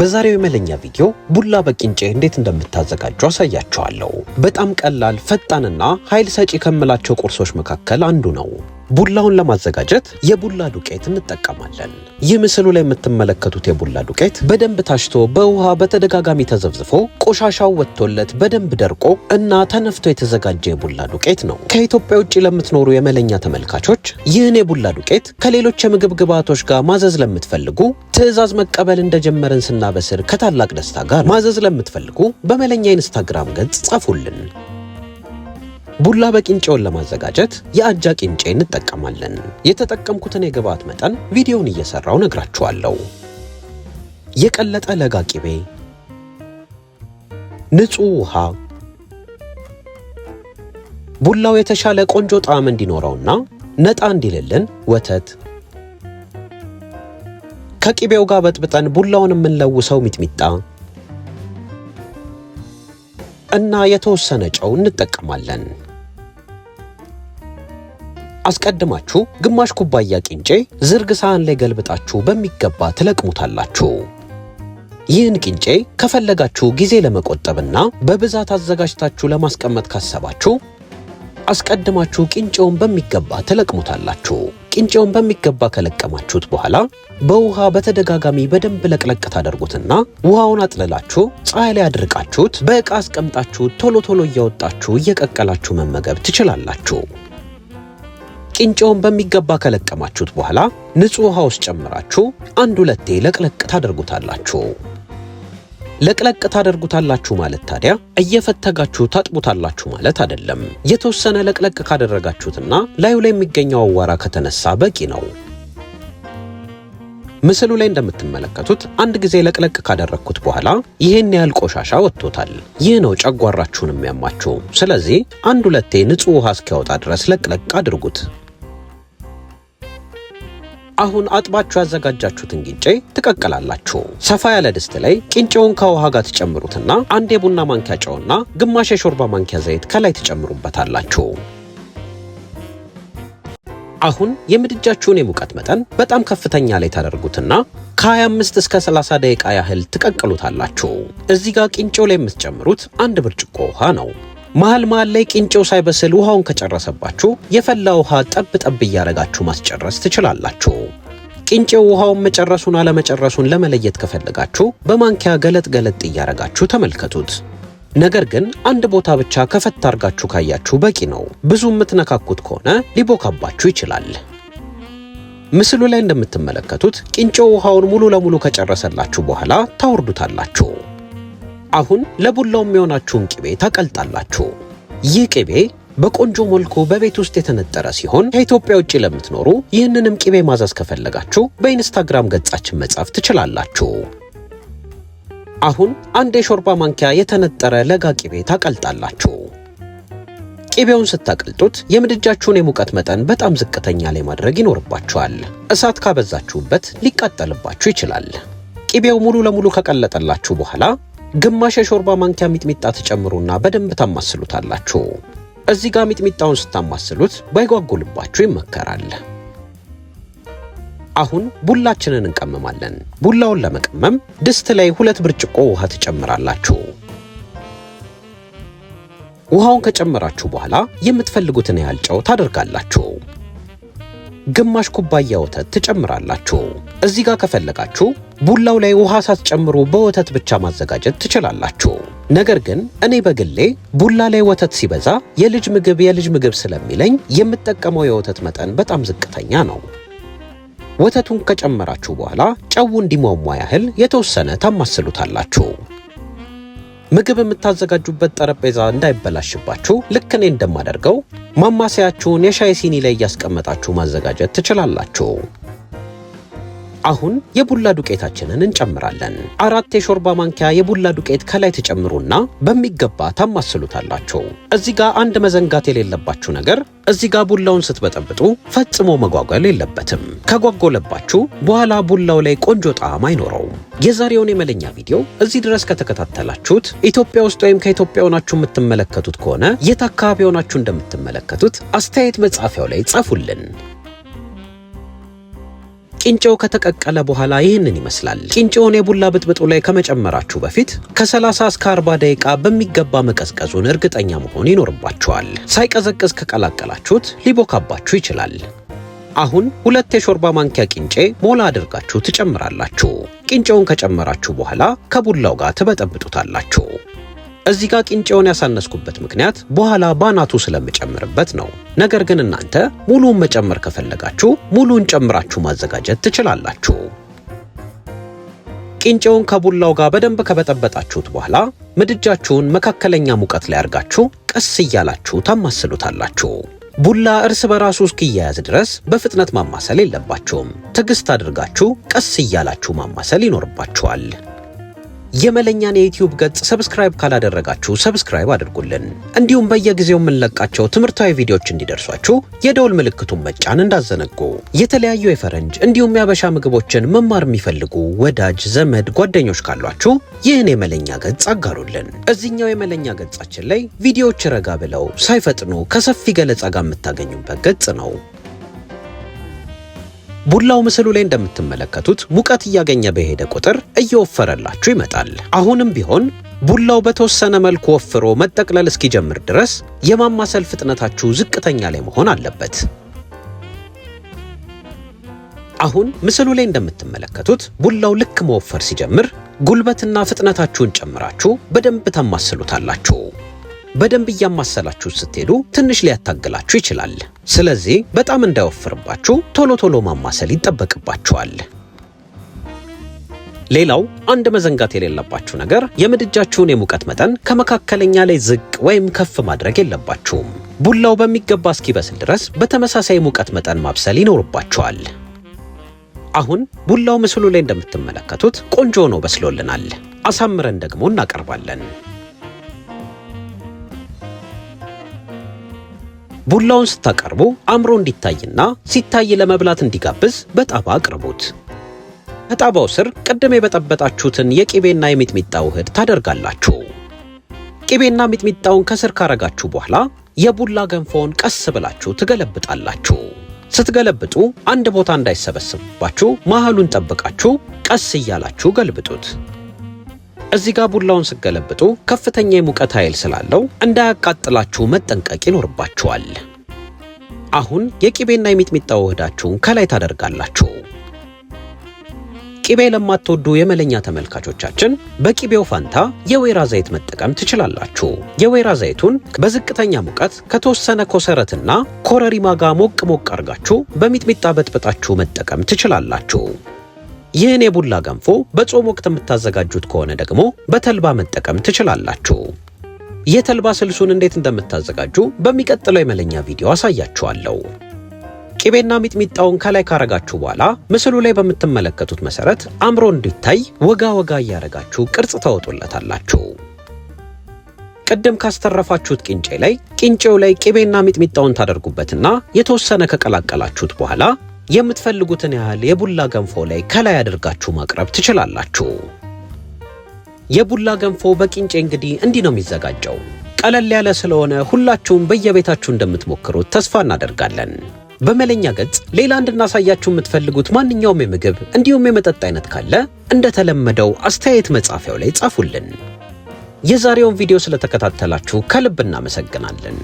በዛሬው የመለኛ ቪዲዮ ቡላ በቂንጬ እንዴት እንደምታዘጋጁ አሳያችኋለሁ። በጣም ቀላል ፈጣንና ኃይል ሰጪ ከምላቸው ቁርሶች መካከል አንዱ ነው። ቡላውን ለማዘጋጀት የቡላ ዱቄት እንጠቀማለን። ይህ ምስሉ ላይ የምትመለከቱት የቡላ ዱቄት በደንብ ታሽቶ በውሃ በተደጋጋሚ ተዘብዝፎ ቆሻሻው ወጥቶለት በደንብ ደርቆ እና ተነፍቶ የተዘጋጀ የቡላ ዱቄት ነው። ከኢትዮጵያ ውጭ ለምትኖሩ የመለኛ ተመልካቾች ይህን የቡላ ዱቄት ከሌሎች የምግብ ግብዓቶች ጋር ማዘዝ ለምትፈልጉ ትዕዛዝ መቀበል እንደጀመረን ስናበስር ከታላቅ ደስታ ጋር ማዘዝ ለምትፈልጉ በመለኛ ኢንስታግራም ገጽ ጻፉልን። ቡላ በቂንጬውን ለማዘጋጀት የአጃ ቂንጬ እንጠቀማለን። የተጠቀምኩትን የግብዓት መጠን ቪዲዮውን እየሰራው ነግራችኋለሁ። የቀለጠ ለጋ ቂቤ፣ ንጹህ ውሃ። ቡላው የተሻለ ቆንጆ ጣዕም እንዲኖረውና ነጣ እንዲልልን ወተት ከቂቤው ጋር በጥብጠን ቡላውን የምንለውሰው ሚጥሚጣ እና የተወሰነ ጨው እንጠቀማለን። አስቀድማችሁ ግማሽ ኩባያ ቂንጬ ዝርግ ሳህን ላይ ገልብጣችሁ በሚገባ ትለቅሙታላችሁ። ይህን ቂንጬ ከፈለጋችሁ ጊዜ ለመቆጠብና በብዛት አዘጋጅታችሁ ለማስቀመጥ ካሰባችሁ አስቀድማችሁ ቂንጬውን በሚገባ ትለቅሙታላችሁ። ቂንጬውን በሚገባ ከለቀማችሁት በኋላ በውሃ በተደጋጋሚ በደንብ ለቅለቅ ታደርጉትና ውሃውን አጥልላችሁ ፀሐይ ላይ አድርቃችሁት በዕቃ አስቀምጣችሁ ቶሎ ቶሎ እያወጣችሁ እየቀቀላችሁ መመገብ ትችላላችሁ። ቂንጬውን በሚገባ ከለቀማችሁት በኋላ ንጹህ ውሃ ውስጥ ጨምራችሁ አንድ ሁለቴ ለቅለቅ ታደርጉታላችሁ። ለቅለቅ ታደርጉታላችሁ ማለት ታዲያ እየፈተጋችሁ ታጥቡታላችሁ ማለት አይደለም። የተወሰነ ለቅለቅ ካደረጋችሁትና ላዩ ላይ የሚገኘው አዋራ ከተነሳ በቂ ነው። ምስሉ ላይ እንደምትመለከቱት አንድ ጊዜ ለቅለቅ ካደረግኩት በኋላ ይህን ያህል ቆሻሻ ወጥቶታል። ይህ ነው ጨጓራችሁን የሚያማችሁ። ስለዚህ አንድ ሁለቴ ንጹህ ውሃ እስኪያወጣ ድረስ ለቅለቅ አድርጉት። አሁን አጥባችሁ ያዘጋጃችሁትን ቂንጬ ትቀቅላላችሁ። ሰፋ ያለ ድስት ላይ ቂንጬውን ከውሃ ጋር ትጨምሩትና አንድ የቡና ማንኪያ ጨውና ግማሽ የሾርባ ማንኪያ ዘይት ከላይ ትጨምሩበታላችሁ። አሁን የምድጃችሁን የሙቀት መጠን በጣም ከፍተኛ ላይ ታደርጉትና ከ25 እስከ 30 ደቂቃ ያህል ትቀቅሉታላችሁ። እዚህ ጋር ቂንጬው ላይ የምትጨምሩት አንድ ብርጭቆ ውሃ ነው። መሀል መሀል ላይ ቂንጬው ሳይበስል ውሃውን ከጨረሰባችሁ የፈላ ውሃ ጠብ ጠብ እያደረጋችሁ ማስጨረስ ትችላላችሁ። ቂንጬው ውሃውን መጨረሱን አለመጨረሱን ለመለየት ከፈለጋችሁ በማንኪያ ገለጥ ገለጥ እያደረጋችሁ ተመልከቱት። ነገር ግን አንድ ቦታ ብቻ ከፈት አርጋችሁ ካያችሁ በቂ ነው። ብዙ የምትነካኩት ከሆነ ሊቦካባችሁ ይችላል። ምስሉ ላይ እንደምትመለከቱት ቂንጬው ውሃውን ሙሉ ለሙሉ ከጨረሰላችሁ በኋላ ታወርዱታላችሁ። አሁን ለቡላው የሚሆናችሁን ቅቤ ታቀልጣላችሁ። ይህ ቅቤ በቆንጆ መልኩ በቤት ውስጥ የተነጠረ ሲሆን ከኢትዮጵያ ውጭ ለምትኖሩ ይህንንም ቅቤ ማዘዝ ከፈለጋችሁ በኢንስታግራም ገጻችን መጻፍ ትችላላችሁ። አሁን አንድ የሾርባ ማንኪያ የተነጠረ ለጋ ቅቤ ታቀልጣላችሁ። ቅቤውን ስታቀልጡት የምድጃችሁን የሙቀት መጠን በጣም ዝቅተኛ ላይ ማድረግ ይኖርባችኋል። እሳት ካበዛችሁበት ሊቃጠልባችሁ ይችላል። ቅቤው ሙሉ ለሙሉ ከቀለጠላችሁ በኋላ ግማሽ የሾርባ ማንኪያ ሚጥሚጣ ተጨምሩና በደንብ ታማስሉታላችሁ። እዚህ ጋር ሚጥሚጣውን ስታማስሉት ባይጓጉልባችሁ ይመከራል። አሁን ቡላችንን እንቀመማለን። ቡላውን ለመቀመም ድስት ላይ ሁለት ብርጭቆ ውሃ ትጨምራላችሁ። ውሃውን ከጨመራችሁ በኋላ የምትፈልጉትን ያህል ጨው ታደርጋላችሁ። ግማሽ ኩባያ ወተት ትጨምራላችሁ። እዚህ ጋር ከፈለጋችሁ ቡላው ላይ ውሃ ሳትጨምሩ በወተት ብቻ ማዘጋጀት ትችላላችሁ። ነገር ግን እኔ በግሌ ቡላ ላይ ወተት ሲበዛ የልጅ ምግብ የልጅ ምግብ ስለሚለኝ የምጠቀመው የወተት መጠን በጣም ዝቅተኛ ነው። ወተቱን ከጨመራችሁ በኋላ ጨው እንዲሟሟ ያህል የተወሰነ ታማስሉታላችሁ። ምግብ የምታዘጋጁበት ጠረጴዛ እንዳይበላሽባችሁ ልክ እኔ እንደማደርገው ማማሰያችሁን የሻይ ሲኒ ላይ እያስቀመጣችሁ ማዘጋጀት ትችላላችሁ። አሁን የቡላ ዱቄታችንን እንጨምራለን። አራት የሾርባ ማንኪያ የቡላ ዱቄት ከላይ ተጨምሩና በሚገባ ታማስሉታላችሁ። እዚህ ጋር አንድ መዘንጋት የሌለባችሁ ነገር እዚህ ጋር ቡላውን ስትበጠብጡ ፈጽሞ መጓጓል የለበትም። ከጓጎለባችሁ በኋላ ቡላው ላይ ቆንጆ ጣዕም አይኖረውም። የዛሬውን የመለኛ ቪዲዮ እዚህ ድረስ ከተከታተላችሁት ኢትዮጵያ ውስጥ ወይም ከኢትዮጵያ ሆናችሁ የምትመለከቱት ከሆነ የት አካባቢ ሆናችሁ እንደምትመለከቱት አስተያየት መጻፊያው ላይ ጻፉልን። ቂንጬው ከተቀቀለ በኋላ ይህንን ይመስላል። ቂንጮውን የቡላ ብጥብጡ ላይ ከመጨመራችሁ በፊት ከ30 እስከ 40 ደቂቃ በሚገባ መቀዝቀዙን እርግጠኛ መሆን ይኖርባችኋል። ሳይቀዘቅዝ ከቀላቀላችሁት ሊቦካባችሁ ይችላል። አሁን ሁለት የሾርባ ማንኪያ ቂንጬ ሞላ አድርጋችሁ ትጨምራላችሁ። ቂንጬውን ከጨመራችሁ በኋላ ከቡላው ጋር ትበጠብጡታላችሁ። እዚህ ጋር ቂንጬውን ያሳነስኩበት ምክንያት በኋላ ባናቱ ስለምጨምርበት ነው። ነገር ግን እናንተ ሙሉውን መጨመር ከፈለጋችሁ ሙሉን ጨምራችሁ ማዘጋጀት ትችላላችሁ። ቂንጬውን ከቡላው ጋር በደንብ ከበጠበጣችሁት በኋላ ምድጃችሁን መካከለኛ ሙቀት ላይ አድርጋችሁ ቀስ እያላችሁ ታማስሉታላችሁ። ቡላ እርስ በራሱ እስኪያያዝ ድረስ በፍጥነት ማማሰል የለባችሁም። ትዕግስት አድርጋችሁ ቀስ እያላችሁ ማማሰል ይኖርባችኋል። የመለኛን የዩቲዩብ ገጽ ሰብስክራይብ ካላደረጋችሁ ሰብስክራይብ አድርጉልን። እንዲሁም በየጊዜው የምንለቃቸው ትምህርታዊ ቪዲዮዎች እንዲደርሷችሁ የደውል ምልክቱን መጫን እንዳዘነጉ። የተለያዩ የፈረንጅ እንዲሁም የአበሻ ምግቦችን መማር የሚፈልጉ ወዳጅ ዘመድ፣ ጓደኞች ካሏችሁ ይህን የመለኛ ገጽ አጋሩልን። እዚህኛው የመለኛ ገጻችን ላይ ቪዲዮዎች ረጋ ብለው ሳይፈጥኑ ከሰፊ ገለጻ ጋር የምታገኙበት ገጽ ነው። ቡላው ምስሉ ላይ እንደምትመለከቱት ሙቀት እያገኘ በሄደ ቁጥር እየወፈረላችሁ ይመጣል። አሁንም ቢሆን ቡላው በተወሰነ መልኩ ወፍሮ መጠቅለል እስኪጀምር ድረስ የማማሰል ፍጥነታችሁ ዝቅተኛ ላይ መሆን አለበት። አሁን ምስሉ ላይ እንደምትመለከቱት ቡላው ልክ መወፈር ሲጀምር ጉልበትና ፍጥነታችሁን ጨምራችሁ በደንብ ታማስሉታላችሁ። በደንብ እያማሰላችሁ ስትሄዱ ትንሽ ሊያታግላችሁ ይችላል። ስለዚህ በጣም እንዳይወፍርባችሁ ቶሎ ቶሎ ማማሰል ይጠበቅባችኋል። ሌላው አንድ መዘንጋት የሌለባችሁ ነገር የምድጃችሁን የሙቀት መጠን ከመካከለኛ ላይ ዝቅ ወይም ከፍ ማድረግ የለባችሁም። ቡላው በሚገባ እስኪበስል ድረስ በተመሳሳይ ሙቀት መጠን ማብሰል ይኖርባችኋል። አሁን ቡላው ምስሉ ላይ እንደምትመለከቱት ቆንጆ ሆኖ በስሎልናል። አሳምረን ደግሞ እናቀርባለን። ቡላውን ስታቀርቡ አምሮ እንዲታይና ሲታይ ለመብላት እንዲጋብዝ በጣባ አቅርቡት። ከጣባው ስር ቅድም የበጠበጣችሁትን የቂቤና የሚጥሚጣ ውህድ ታደርጋላችሁ። ቂቤና ሚጥሚጣውን ከስር ካረጋችሁ በኋላ የቡላ ገንፎውን ቀስ ብላችሁ ትገለብጣላችሁ። ስትገለብጡ አንድ ቦታ እንዳይሰበስብባችሁ መሃሉን ጠብቃችሁ ቀስ እያላችሁ ገልብጡት። እዚህ ጋር ቡላውን ስገለብጡ ከፍተኛ የሙቀት ኃይል ስላለው እንዳያቃጥላችሁ መጠንቀቅ ይኖርባችኋል። አሁን የቂቤና የሚጥሚጣ ውህዳችሁን ከላይ ታደርጋላችሁ። ቂቤ ለማትወዱ የመለኛ ተመልካቾቻችን በቂቤው ፋንታ የወይራ ዘይት መጠቀም ትችላላችሁ። የወይራ ዘይቱን በዝቅተኛ ሙቀት ከተወሰነ ኮሰረትና ኮረሪማ ጋር ሞቅ ሞቅ አርጋችሁ በሚጥሚጣ በጥብጣችሁ መጠቀም ትችላላችሁ። ይህን የቡላ ገንፎ በጾም ወቅት የምታዘጋጁት ከሆነ ደግሞ በተልባ መጠቀም ትችላላችሁ። የተልባ ስልሱን እንዴት እንደምታዘጋጁ በሚቀጥለው የመለኛ ቪዲዮ አሳያችኋለሁ። ቂቤና ሚጥሚጣውን ከላይ ካረጋችሁ በኋላ ምስሉ ላይ በምትመለከቱት መሰረት አምሮ እንዲታይ ወጋ ወጋ እያረጋችሁ ቅርጽ ታወጡለታላችሁ። ቅድም ካስተረፋችሁት ቂንጬ ላይ ቂንጬው ላይ ቂቤና ሚጥሚጣውን ታደርጉበትና የተወሰነ ከቀላቀላችሁት በኋላ የምትፈልጉትን ያህል የቡላ ገንፎ ላይ ከላይ አድርጋችሁ ማቅረብ ትችላላችሁ። የቡላ ገንፎ በቂንጬ እንግዲህ እንዲህ ነው የሚዘጋጀው። ቀለል ያለ ስለሆነ ሁላችሁም በየቤታችሁ እንደምትሞክሩት ተስፋ እናደርጋለን። በመለኛ ገጽ ሌላ እንድናሳያችሁ የምትፈልጉት ማንኛውም የምግብ እንዲሁም የመጠጥ አይነት ካለ እንደተለመደው አስተያየት መጻፊያው ላይ ጻፉልን። የዛሬውን ቪዲዮ ስለተከታተላችሁ ከልብ እናመሰግናለን።